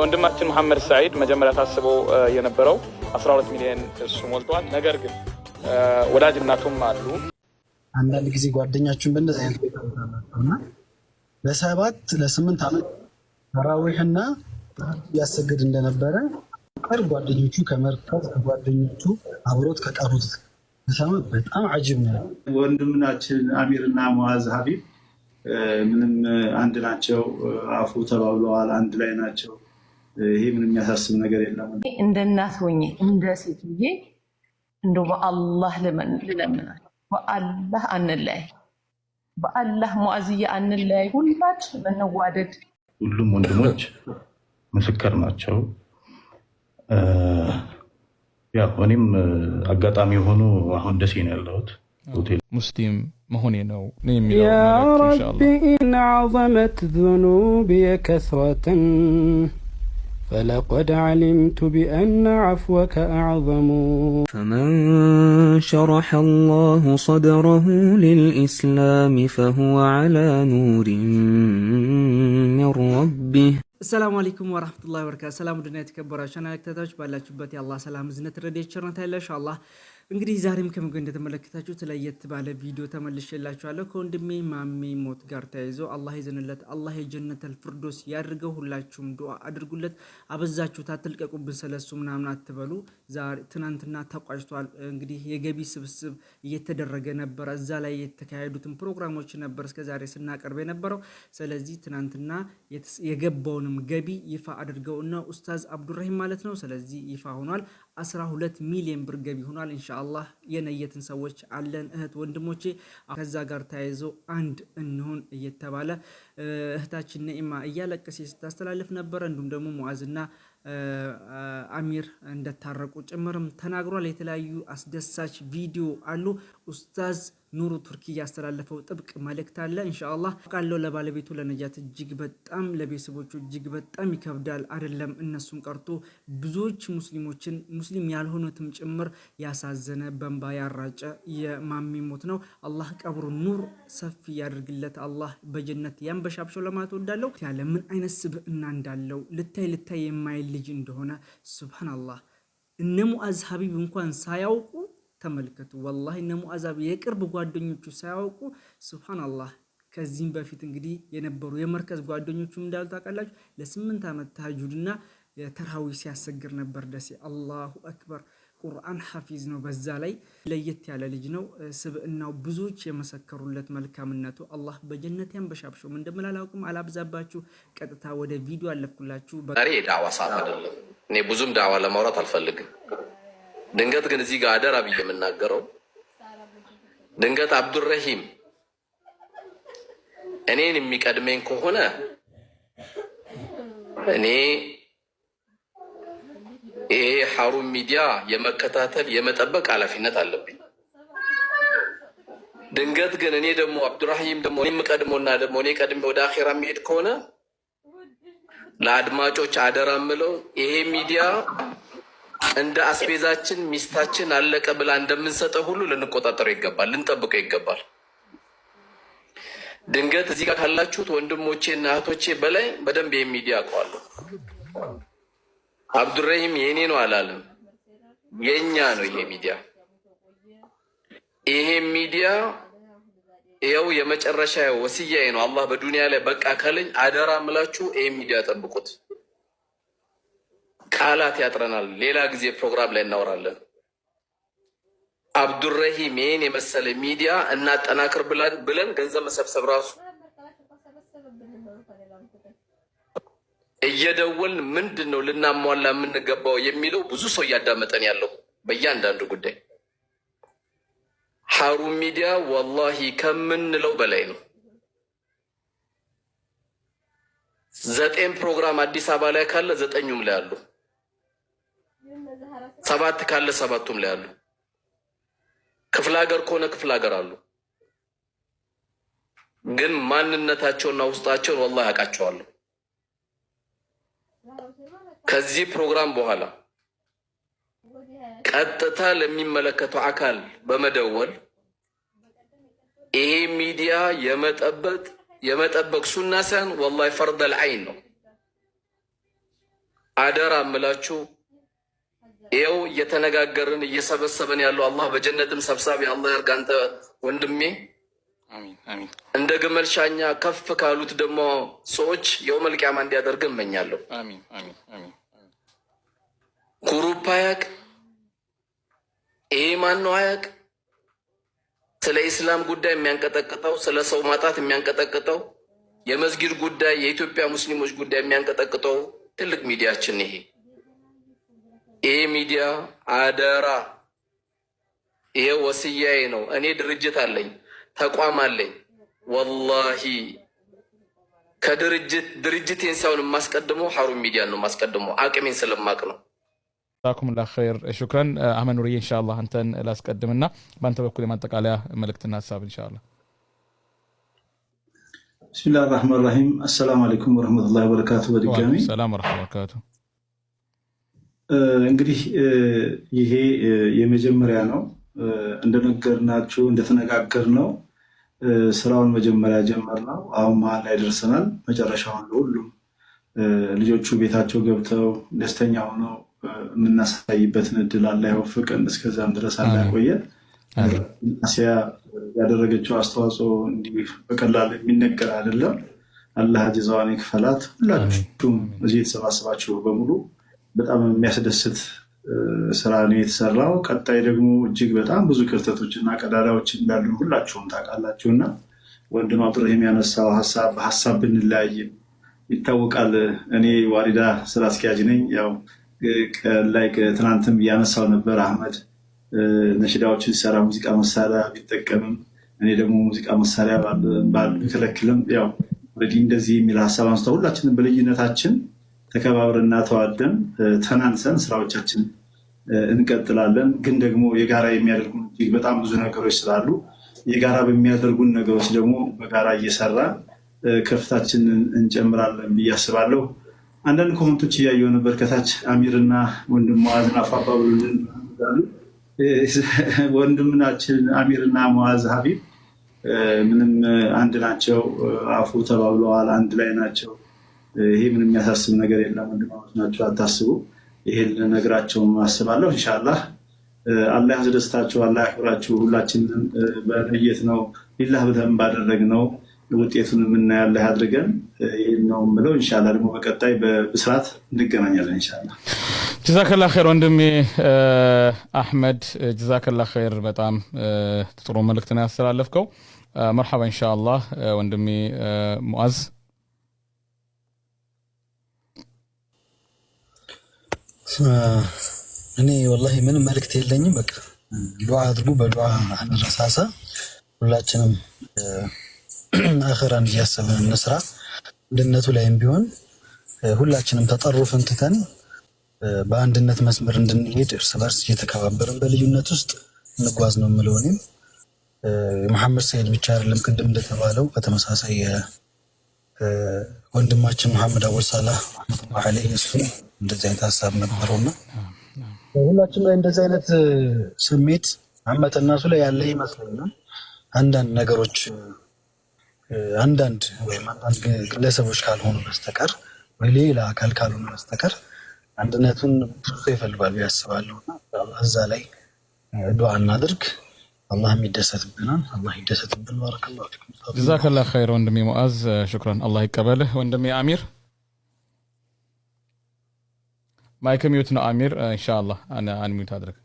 ወንድማችን መሐመድ ሳይድ መጀመሪያ ታስበው የነበረው 12 ሚሊዮን እሱ ሞልቷል። ነገር ግን ወዳጅ እናቱም አሉ። አንዳንድ ጊዜ ጓደኛችን በእንደዚህ አይነት ቤት ለሰባት ለስምንት ዓመት ተራዊህና ያሰግድ እንደነበረ ቀር ጓደኞቹ ከመርካት ከጓደኞቹ አብሮት ከቀሩት ሰማ በጣም አጅብ ነው። ወንድምናችን አሚርና ሙዓዝ ሀቢብ ምንም አንድ ናቸው። አፉ ተባብለዋል። አንድ ላይ ናቸው። ይሄ ምን የሚያሳስብ ነገር የለም። እንደ እናት ሆኜ እንደ ሴት ብዬ እንደ በአላህ ልለምናል። በአላህ አንለያይ፣ በአላህ ሙአዝያ አንለያይ። ሁላች መነዋደድ ሁሉም ወንድሞች ምስክር ናቸው። ያ እኔም አጋጣሚ የሆኑ አሁን ደሴ ነው ያለሁት ሙስሊም መሆኔ ነው የሚለው ያ ረቢ ኢን ዐዘመት ዙኑቢ ከስረትን فلقد علمت بأن عفوك أعظم فمن شرح الله صدره للإسلام فهو على نور من ربه السلام عليكم ورحمة الله وبركاته السلام ودنا يتكبر عشان تتوش بالله شبتي الله سلام زنت رديت شرنا إن شاء الله እንግዲህ ዛሬም ከምግብ እንደተመለከታችሁ ተለየት ባለ ቪዲዮ ተመልሼላችኋለሁ። ከወንድሜ ማሜ ሞት ጋር ተያይዞ አላህ ይዘንለት፣ አላህ የጀነተል ፍርዶስ ያድርገው። ሁላችሁም ዱዓ አድርጉለት። አበዛችሁ ታትልቀቁብን፣ ስለሱ ምናምን አትበሉ። ትናንትና ተቋጭቷል። እንግዲህ የገቢ ስብስብ እየተደረገ ነበረ። እዛ ላይ የተካሄዱትን ፕሮግራሞች ነበር እስከዛሬ ስናቀርብ የነበረው። ስለዚህ ትናንትና የገባውንም ገቢ ይፋ እና ኡስታዝ አብዱራሂም ማለት ነው። ስለዚህ ይፋ ሆኗል። 12 ሚሊዮን ብር ገቢ ሆኗል። ኢንሻአላህ የነየትን ሰዎች አለን እህት ወንድሞቼ። ከዛ ጋር ተያይዞ አንድ እንሆን እየተባለ እህታችን ነኢማ እያለቀሴ ስታስተላልፍ ነበረ። እንዲሁም ደግሞ ሙዓዝና አሚር እንደታረቁ ጭምርም ተናግሯል። የተለያዩ አስደሳች ቪዲዮ አሉ ኡስታዝ ኑሩ ቱርኪ ያስተላለፈው ጥብቅ መልእክት አለ። እንሻአላ ቃለው ለባለቤቱ ለነጃት እጅግ በጣም ለቤተሰቦቹ እጅግ በጣም ይከብዳል። አይደለም እነሱን ቀርቶ ብዙዎች ሙስሊሞችን ሙስሊም ያልሆኑትም ጭምር ያሳዘነ በንባ ያራጨ የማሚ ሞት ነው። አላህ ቀብሩ ኑር ሰፊ ያድርግለት። አላህ በጀነት ያንበሻብሸው ለማለት ወዳለው ያለ ምን አይነት ስብዕና እንዳለው ልታይ ልታይ የማይል ልጅ እንደሆነ ሱብሃነላህ እነ ሙአዝ ሀቢብ እንኳን ሳያውቁ ተመልከቱ። ወላሂ እነ ሙአዛብ የቅርብ ጓደኞቹ ሳያውቁ ሱብሃነላህ። ከዚህም በፊት እንግዲህ የነበሩ የመርከዝ ጓደኞቹም እንዳሉ ታውቃላችሁ ለስምንት ዓመት ተሀጁድና ተራዊ ሲያሰግር ነበር ደሴ። አላሁ አክበር። ቁርአን ሐፊዝ ነው። በዛ ላይ ለየት ያለ ልጅ ነው። ስብእናው ብዙዎች የመሰከሩለት መልካምነቱ። አላህ በጀነት ያንበሻብሸው። እንደምን አላውቅም፣ አላብዛባችሁ። ቀጥታ ወደ ቪዲዮ አለፍኩላችሁ። ዛሬ የዳዋ ሰዓት አይደለም። እኔ ብዙም ዳዋ ለማውራት አልፈልግም። ድንገት ግን እዚህ ጋር አደራ ብዬ የምናገረው ድንገት አብዱረሂም እኔን የሚቀድመኝ ከሆነ እኔ ይሄ ሀሩን ሚዲያ የመከታተል የመጠበቅ ኃላፊነት አለብኝ። ድንገት ግን እኔ ደግሞ አብዱራሂም ደግሞ እኔ የምቀድመውና ደግሞ እኔ ቀድሞ ወደ አኼራ የሚሄድ ከሆነ ለአድማጮች አደራ ምለው ይሄ ሚዲያ እንደ አስቤዛችን ሚስታችን አለቀ ብላ እንደምንሰጠው ሁሉ ልንቆጣጠረው ይገባል፣ ልንጠብቀው ይገባል። ድንገት እዚህ ጋር ካላችሁት ወንድሞቼ እና እህቶቼ በላይ በደንብ የሚዲያ አውቀዋለሁ። አብዱረሂም የእኔ ነው አላለም፣ የእኛ ነው ይሄ ሚዲያ። ይሄ ሚዲያ ይኸው የመጨረሻ ወስያዬ ነው። አላህ በዱንያ ላይ በቃ ካለኝ አደራ ምላችሁ ይሄ ሚዲያ ጠብቁት። ቃላት ያጥረናል። ሌላ ጊዜ ፕሮግራም ላይ እናወራለን። አብዱረሂም ይህን የመሰለ ሚዲያ እናጠናክር ብለን ገንዘብ መሰብሰብ ራሱ እየደወልን ምንድን ነው ልናሟላ የምንገባው የሚለው ብዙ ሰው እያዳመጠን ያለው በእያንዳንዱ ጉዳይ ሀሩን ሚዲያ ወላሂ ከምንለው በላይ ነው። ዘጠኝ ፕሮግራም አዲስ አበባ ላይ ካለ ዘጠኙም ላይ አሉ። ሰባት ካለ ሰባቱም ላይ አሉ። ክፍለ ሀገር ከሆነ ክፍለ ሀገር አሉ። ግን ማንነታቸውና ውስጣቸውን ወላሂ ያውቃቸዋለሁ። ከዚህ ፕሮግራም በኋላ ቀጥታ ለሚመለከተው አካል በመደወል ይሄ ሚዲያ የመጠበቅ የመጠበቅ ሱና ሳይሆን ወላሂ ፈርደል አይን ነው። አደራ እምላችሁ ይኸው እየተነጋገርን እየሰበሰበን ያለው አላህ በጀነትም ሰብሳቢ አላህ ያርግ አንተ ወንድሜ። እንደ ግመል ሻኛ ከፍ ካሉት ደግሞ ሰዎች የው መልቅያማ እንዲያደርግ እመኛለሁ። ጉሩፕ አያቅ ይሄ ማን ነው አያቅ። ስለ ኢስላም ጉዳይ የሚያንቀጠቅጠው ስለ ሰው ማጣት የሚያንቀጠቅጠው የመስጊድ ጉዳይ የኢትዮጵያ ሙስሊሞች ጉዳይ የሚያንቀጠቅጠው ትልቅ ሚዲያችን ይሄ ይሄ ሚዲያ አደራ፣ ይሄ ወስያዬ ነው። እኔ ድርጅት አለኝ፣ ተቋም አለኝ። ወላሂ ከድርጅት ድርጅቴን ሳይሆን የማስቀድመው ሀሩን ሚዲያ ነው የማስቀድመው፣ አቅሜን ስለማቅ ነው። ዛኩሙላ ኸይር ሹክረን አህመኑርዬ። እንሻላ አንተን ላስቀድምና በአንተ በኩል የማጠቃለያ መልእክትና ሀሳብ እንሻላ። ብስሚላህ ራህማን ራሂም። አሰላሙ አለይኩም ወረህመቱላሂ ወበረካቱ። በድጋሚ ሰላም ወረህመቱላሂ እንግዲህ ይሄ የመጀመሪያ ነው። እንደነገርናችሁ እንደተነጋገር ነው። ስራውን መጀመሪያ ነው። አሁን መሀል ላይ ደርሰናል። መጨረሻውን ለሁሉም ልጆቹ ቤታቸው ገብተው ደስተኛ ሆነው የምናሳይበትን እድል አላ ይወፍቀን። እስከዚያም ድረስ አላ ያቆየን። አሲያ ያደረገችው አስተዋጽኦ እንዲህ በቀላል የሚነገር አይደለም። አላህ ጀዛዋን ይክፈላት። ሁላችሁም እዚህ የተሰባሰባችሁ በሙሉ በጣም የሚያስደስት ስራ ነው የተሰራው። ቀጣይ ደግሞ እጅግ በጣም ብዙ ክፍተቶች እና ቀዳዳዎች እንዳሉ ሁላችሁም ታውቃላችሁ እና ወንድም አብዱራሂም ያነሳው ሀሳብ በሀሳብ ብንለያይ ይታወቃል። እኔ ዋሪዳ ስራ አስኪያጅ ነኝ። ያው ላይ ትናንትም እያነሳው ነበር አህመድ ነሽዳዎችን ሲሰራ ሙዚቃ መሳሪያ ቢጠቀምም እኔ ደግሞ ሙዚቃ መሳሪያ ባልከለክልም ያው እንደዚህ የሚል ሀሳብ አንስታ ሁላችንም በልዩነታችን ተከባብርና ተዋደን ተናንሰን ስራዎቻችን እንቀጥላለን። ግን ደግሞ የጋራ የሚያደርጉ እጅግ በጣም ብዙ ነገሮች ስላሉ የጋራ በሚያደርጉን ነገሮች ደግሞ በጋራ እየሰራ ከፍታችንን እንጨምራለን ብዬ አስባለሁ። አንዳንድ ኮመንቶች እያየሁ ነበር ከታች አሚርና ወንድም መዋዝን አፋባ ብሉልን ወንድምናችን አሚርና መዋዝ ሀቢብ ምንም አንድ ናቸው። አፉ ተባብለዋል። አንድ ላይ ናቸው። ይሄ ምን የሚያሳስብ ነገር የለም። ወንድማች ናቸው፣ አታስቡ። ይሄን ልነግራቸውም አስባለሁ። ኢንሻላህ አላህ ያስደስታችሁ፣ አላህ ያክብራችሁ። ሁላችንም በለየት ነው ሊላህ ብለን ባደረግ ነው ውጤቱን የምናያለህ አድርገን ይህን ነው የምለው። እንሻላ ደግሞ በቀጣይ በስርዓት እንገናኛለን። እንሻላ ጀዛከላ ኸይር ወንድሜ አሕመድ ጀዛከላ ኸይር። በጣም ጥሩ መልእክትን ያስተላለፍከው እንሻ አላህ ወንድሜ ሙዓዝ እኔ ወላሂ ምንም መልእክት የለኝም። በቃ ዱዓ አድርጉ፣ በዱዓ አንረሳሳ። ሁላችንም አኸራን እያሰብን እንስራ። አንድነቱ ላይም ቢሆን ሁላችንም ተጠሩፍን ትተን በአንድነት መስመር እንድንሄድ እርስ በርስ እየተከባበርን በልዩነት ውስጥ እንጓዝ ነው የምለው። እኔም መሐመድ ሰይድ ብቻ አይደለም ቅድም እንደተባለው በተመሳሳይ ወንድማችን መሐመድ አወል ሳላህ ረመቱላ አለይህ እሱ እንደዚህ አይነት ሀሳብ ነበረውና ሁላችን ላይ እንደዚህ አይነት ስሜት አመጠና እሱ ላይ ያለ ይመስለኛል። አንዳንድ ነገሮች አንዳንድ ወይም አንዳንድ ግለሰቦች ካልሆኑ በስተቀር ወይ ሌላ አካል ካልሆኑ በስተቀር አንድነቱን ብዙ ሰው ይፈልጋል ያስባለሁና እዛ ላይ ዱዓ እናድርግ። አላህም ይደሰትብናል። አላህ ይደሰትብን። ባረከላሁ ፊኩም። ጀዛከላህ ኸይር ወንድሜ ሙአዝ፣ ሹክራን። አላህ ይቀበልህ ወንድሜ አሚር። ማይክ ሚዩት ነው አሚር። እንሻላ አንሚዩት አድርግ።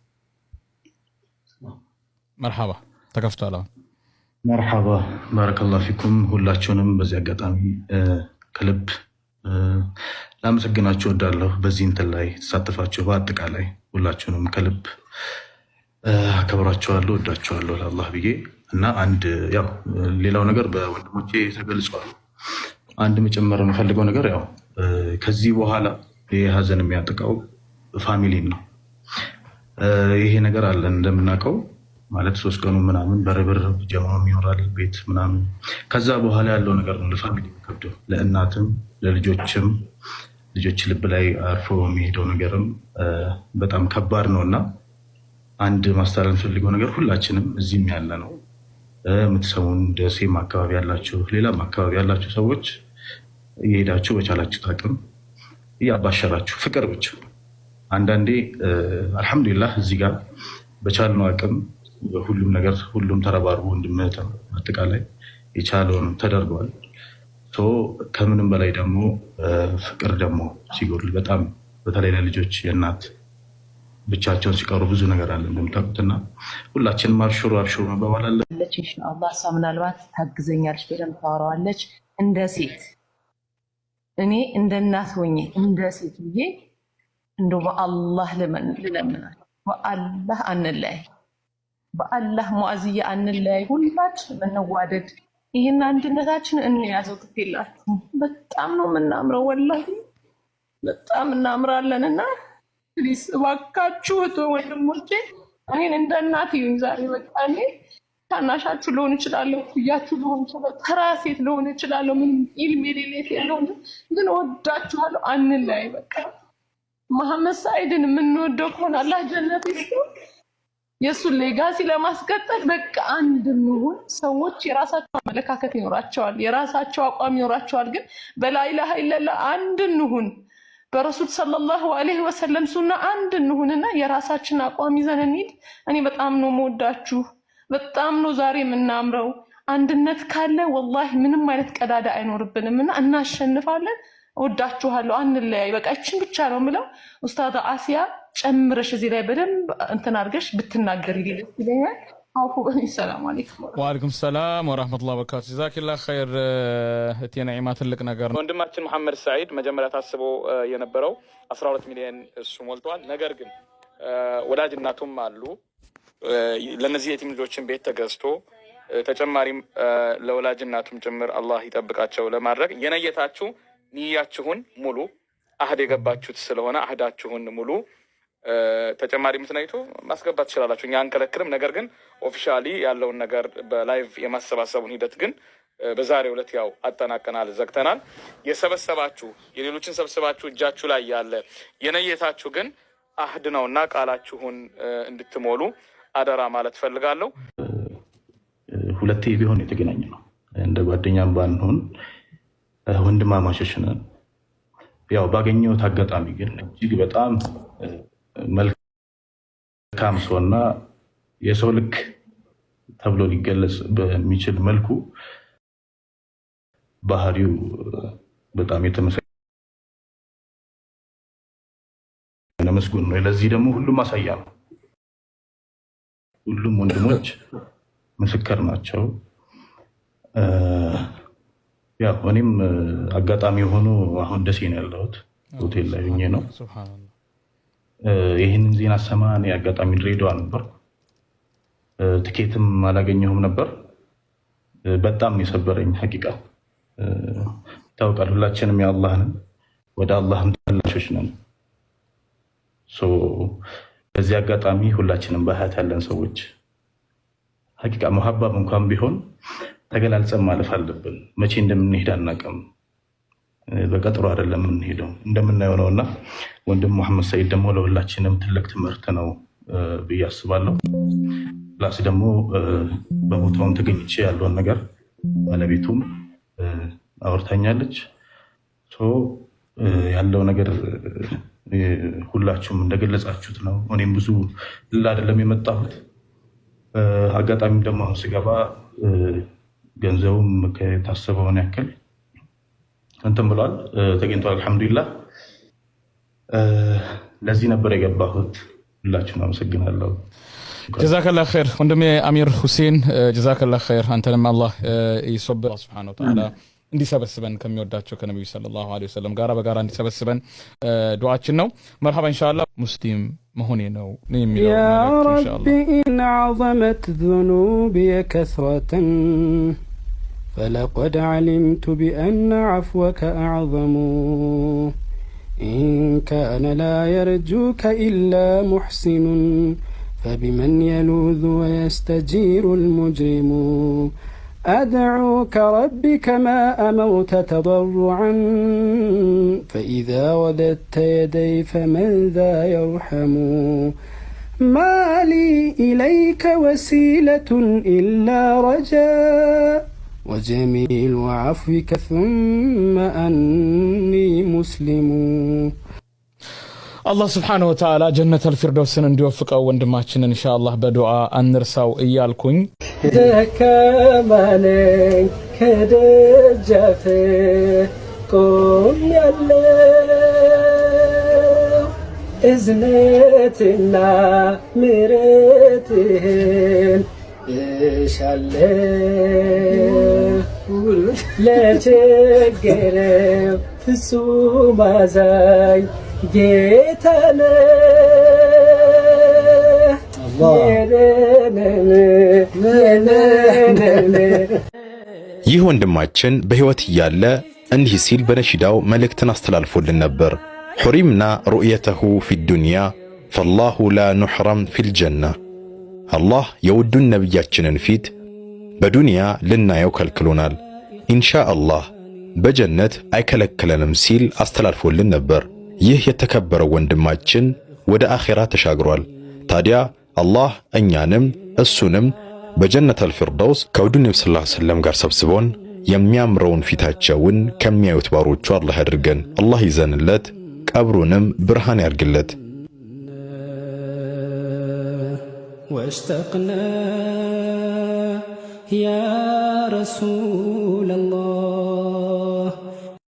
መርሓባ ተከፍቷል። አሁን መርሓባ ባረከላ ፊኩም። ሁላችሁንም በዚህ አጋጣሚ ከልብ ላመሰግናችሁ ወዳለሁ በዚህ እንትን ላይ ተሳተፋችሁ በአጠቃላይ ሁላችሁንም ከልብ አከብራችኋለሁ፣ ወዳችኋለሁ ለአላህ ብዬ እና አንድ ያው ሌላው ነገር በወንድሞቼ ተገልጿል። አንድ መጨመር የምፈልገው ነገር ያው ከዚህ በኋላ የሀዘን ሀዘን የሚያጠቃው ፋሚሊን ነው። ይሄ ነገር አለ እንደምናውቀው ማለት ሶስት ቀኑ ምናምን በርብርብ ጀማ ይኖራል ቤት ምናምን። ከዛ በኋላ ያለው ነገር ነው ለፋሚሊ የሚከብደው ለእናትም ለልጆችም ልጆች ልብ ላይ አርፎ የሚሄደው ነገርም በጣም ከባድ ነው እና አንድ ማስተላለፍ ፈልገው ነገር ሁላችንም እዚህም ያለ ነው የምትሰሙን፣ ደሴም አካባቢ ያላችሁ፣ ሌላም አካባቢ ያላችሁ ሰዎች እየሄዳችሁ በቻላችሁ አቅም እያባሸራችሁ ፍቅር ብቻ። አንዳንዴ አልሐምዱሊላህ እዚህ ጋር በቻልነው አቅም ሁሉም ነገር ሁሉም ተረባርቦ ወንድምህት አጠቃላይ የቻለውን ተደርገዋል። ከምንም በላይ ደግሞ ፍቅር ደግሞ ሲጎድል በጣም በተለይ ለልጆች የእናት ብቻቸውን ሲቀሩ ብዙ ነገር አለ እንደምታውቁትና ሁላችንም አብሽሩ አብሽሩ መባባል አለ። ኢንሻላህ እሷ ምናልባት ታግዘኛለች፣ በደንብ ታወራዋለች እንደ ሴት እኔ እንደ እናት ሆኜ እንደ ሴት ብዬ እንደ በአላህ ልለምናል። በአላህ አንለያይ፣ በአላህ ሙአዝያ አንለያይ፣ ሁላችን እንዋደድ። ይህን አንድነታችን እንያዘው። ክፍላችሁ በጣም ነው የምናምረው፣ ወላሂ በጣም እናምራለን። እና ፕሊስ እባካችሁ ወንድሞቼ እኔን እንደ እናት ይሁኝ ዛሬ በቃ ታናሻችሁ ልሆን እችላለሁ፣ ኩያችሁ ልሆን እችላለሁ፣ ተራ ሴት ልሆን እችላለሁ። ምንም ኢልም የሌለ የለውም፣ ግን ወዳችኋለሁ። አንለያይ በቃ መሐመድ ሳይድን የምንወደው ከሆነ አላህ ጀነት ይስጡ። የእሱን ሌጋሲ ለማስቀጠል በቃ አንድ ምሁን ሰዎች የራሳቸው አመለካከት ይኖራቸዋል፣ የራሳቸው አቋም ይኖራቸዋል። ግን በላኢላሀ ኢለላህ አንድ እንሁን፣ በረሱል ሰለላሁ አለይሂ ወሰለም ሱና አንድ እንሁንና የራሳችን አቋም ይዘን እንሂድ። እኔ በጣም ነው መወዳችሁ። በጣም ነው ዛሬ የምናምረው። አንድነት ካለ ወላሂ ምንም አይነት ቀዳዳ አይኖርብንም እና እናሸንፋለን። ወዳችኋለሁ፣ አንለያይ። በቃ ይችን ብቻ ነው የምለው። ኡስታዝ አሲያ ጨምረሽ እዚህ ላይ በደንብ እንትን አድርገሽ ብትናገር ይለኛል። ሰላም አለይኩም ወአለይኩም ሰላም ወራህመቱላሂ ወበረካቱ። ጀዛኪላህ ኸይር እቴ ነዒማ፣ ትልቅ ነገር ነው። ወንድማችን መሐመድ ሰዒድ መጀመሪያ ታስቦ የነበረው 12 ሚሊዮን እሱ ሞልቷል። ነገር ግን ወላጅ እናቱም አሉ ለእነዚህ የቲም ልጆችን ቤት ተገዝቶ ተጨማሪም ለወላጅ እናቱም ጭምር አላህ ይጠብቃቸው ለማድረግ የነየታችሁ ንያችሁን ሙሉ አህድ የገባችሁት ስለሆነ አህዳችሁን ሙሉ ተጨማሪ የምትነይቱ ማስገባት ትችላላችሁ። እኛ አንከለክልም። ነገር ግን ኦፊሻሊ ያለውን ነገር በላይቭ የማሰባሰቡን ሂደት ግን በዛሬው ዕለት ያው አጠናቀናል፣ ዘግተናል። የሰበሰባችሁ የሌሎችን ሰብስባችሁ እጃችሁ ላይ ያለ የነየታችሁ ግን አህድ ነውና ቃላችሁን እንድትሞሉ አደራ ማለት ፈልጋለሁ። ሁለቴ ቢሆን የተገናኘ ነው። እንደ ጓደኛም ባንሆን ወንድማማቾች ነን። ያው ባገኘሁት አጋጣሚ ግን እጅግ በጣም መልካም ሰውና የሰው ልክ ተብሎ ሊገለጽ በሚችል መልኩ ባህሪው በጣም የተመሰገነ መስጉን ነው። ለዚህ ደግሞ ሁሉም ማሳያ ነው። ሁሉም ወንድሞች ምስክር ናቸው። ያው እኔም አጋጣሚ የሆኑ አሁን ደሴ ነው ያለሁት፣ ሆቴል ላይ ሆኜ ነው ይህንን ዜና ሰማ። እኔ አጋጣሚ ድሬዳዋ ነበር፣ ትኬትም አላገኘሁም ነበር። በጣም የሰበረኝ ሀቂቃ ይታወቃል። ሁላችንም የአላህን። ወደ አላህም ተመላሾች ነን። በዚህ አጋጣሚ ሁላችንም ባህት ያለን ሰዎች ሀቂቃ መሀባብ እንኳን ቢሆን ተገላልጸን ማለፍ አለብን። መቼ እንደምንሄድ አናውቅም። በቀጥሮ አይደለም የምንሄደው እንደምናየው ነው እና ወንድም መሐመድ ሰይድ ደግሞ ለሁላችንም ትልቅ ትምህርት ነው ብዬ አስባለሁ። ላስ ደግሞ በቦታውም ተገኝቼ ያለውን ነገር ባለቤቱም አውርታኛለች ያለው ነገር ሁላችሁም እንደገለጻችሁት ነው። እኔም ብዙ ልል አይደለም የመጣሁት። አጋጣሚም ደግሞ አሁን ስገባ ገንዘቡም ከታሰበውን ያክል እንትን ብሏል ተገኝቷል። አልሐምዱሊላህ ለዚህ ነበር የገባሁት። ሁላችሁን አመሰግናለሁ። ጀዛከላ ኸይር ወንድሜ አሚር ሁሴን ጀዛከላ ኸይር። አንተንም አላህ ይሶብ ሱብሓነሁ ወተዓላ እንዲሰበስበን ከሚወዳቸው ከነቢዩ ሰለላሁ ዐለይሂ ወሰለም ጋራ በጋራ እንዲሰበስበን ዱዓችን ነው። መርሃባ እንሻላ ሙስሊም መሆኔ ነው የሚለው ያ ረቢ ኢን ዐዘመት ዙኑቢ ከስረተን فلقد علمت بأن عفوك أعظم إن كان لا يرجوك إلا محسن فبمن يلوذ ويستجير المجرم أدعوك ربي كما أموت تضرعا فإذا وددت يدي فمن ذا يرحم ما لي إليك وسيلة إلا رجاء وجميل عفوك ثم أني مسلم الله سبحانه وتعالى جنة الفردوس ندوفك أو ندماتشن إن شاء الله بدعاء أن نرسو إيالكم ደከማነኝ ከደጃፍ ቆም ያለው እዝነትና ምረትህን እሻለው ለቸገረው ፍጹም አዛኝ ጌታነ ይህ ወንድማችን በሕይወት እያለ እንዲህ ሲል በነሽዳው መልእክትን አስተላልፎልን ነበር። ሑሪምና ሩዕየተሁ ፊዱንያ ፈላሁ ላ ኑሕረም ፊልጀና። አላህ የውዱን ነቢያችንን ፊት በዱንያ ልናየው ከልክሎናል፣ ኢንሻ አላህ በጀነት አይከለክለንም ሲል አስተላልፎልን ነበር። ይህ የተከበረው ወንድማችን ወደ አኼራ ተሻግሯል። ታዲያ አላህ እኛንም እሱንም በጀነተል ፊርደውስ ከውዱ ነብዩ ሰለላሁ ዐለይሂ ወሰለም ጋር ሰብስቦን የሚያምረውን ፊታቸውን ከሚያዩት ባሮቹ አላህ ያድርገን። አላህ ይዘንለት፣ ቀብሩንም ብርሃን ያርግለት። ወሽተቅና ያ ረሱለላህ